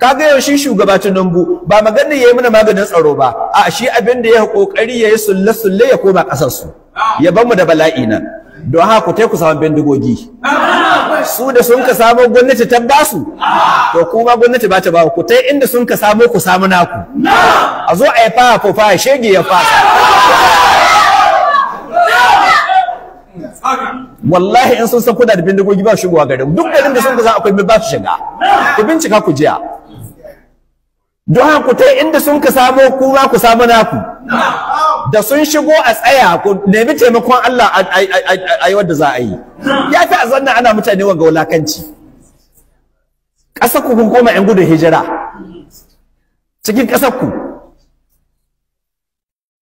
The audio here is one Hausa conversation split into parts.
kaga yau shi shugaba bu ba maganar yayi mana maganin tsaro ba a shi abin da ya kokari yayi sulle sulle ya koma kasar su ya bar mu da bala'i nan don haka ku taiku ku samu bindigogi su da sun ka samu gwamnati ta ba su to kuma gwamnati ba ta ba ku tai inda sun ka samu ku samu naku a zo a yi fa ko fa shege ya fasa wallahi in sun san kuna da bindigogi ba shigowa garin duk garin da sun ga za akwai ba su shiga ku bincika ku jiya don haka ku tai inda sun ka samo ku ba ku samu naku da sun shigo a tsaya ku nemi taimakon Allah a yi wadda za a yi ya fi a zanna ana mutane wanga wulakanci ƙasar ku kun koma 'yan gudun hijira cikin ƙasar ku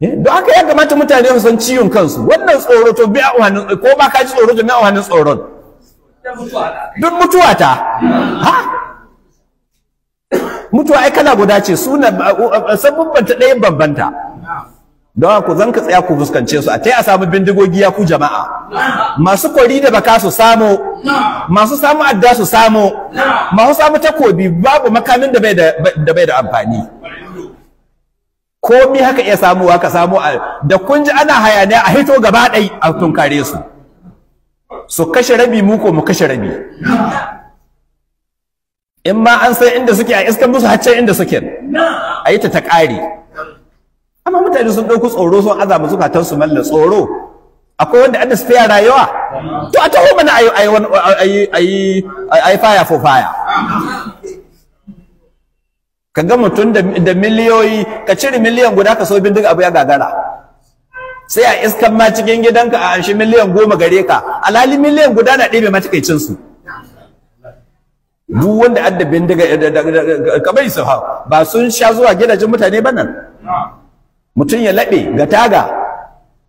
Eh, don haka ya kamata mutane su san ciwon kansu wannan tsoro to bi a hannun ko ba ka ji tsoro to bi a hannun tsoron duk mutuwa ta ha mutuwa ai kana guda ce suna sabubban ta ɗaya bambanta don haka zan ka tsaya ku fuskance su a ta a samu bindigogi ya ku jama'a masu kwari da baka su samu, masu samu adda su samu, masu samu takobi babu makamin da bai da amfani komi haka iya samuwa ka samu da kun ji ana hayaniya a hito gaba ɗai a tunkare su su kashe rabi mu ko mu kashe rabi in ma an san inda suke a iskan musu haccen inda suke a yi ta ta ƙari amma mutane sun ɗauki tsoro sun azama zukatan su malla tsoro akwai wanda an da su fiya rayuwa to a taho mana a yi faya fo ka ga mutum da miliyoyi ka cire miliyan guda ka so bindiga abu ya gagara sai a iskan ma cikin gidanka a anshi miliyan goma gare ka alhali miliyan guda na ɗebe matakaicin su duk wanda adda bindiga kamar su ba sun sha zuwa gidajen mutane ba nan mutum ya laɓe ga taga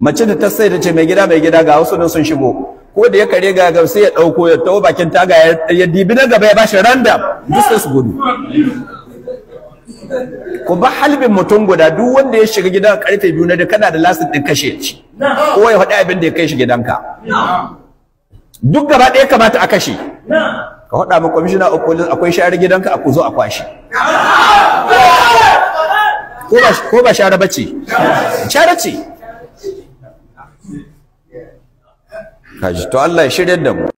mace da ta sai ta ce mai gida mai gida ga wasu nan sun shigo ko da ya kare ga gamsu sai ya ɗauko ya tawo bakin taga ya dibi na gaba ya ba random duk sai su gudu ku ba halbin mutum guda duk wanda ya shiga gidan karfe biyu na da kana da lasin din kashe ci ko ya faɗi abin da ya kai shi gidanka duk gaba ɗaya kamata a kashe ka faɗa ma kwamishina a polin akwai share gidanka a ku zo a kwashe ko ba share ce? share ce kaji to Allah ya shirya da mu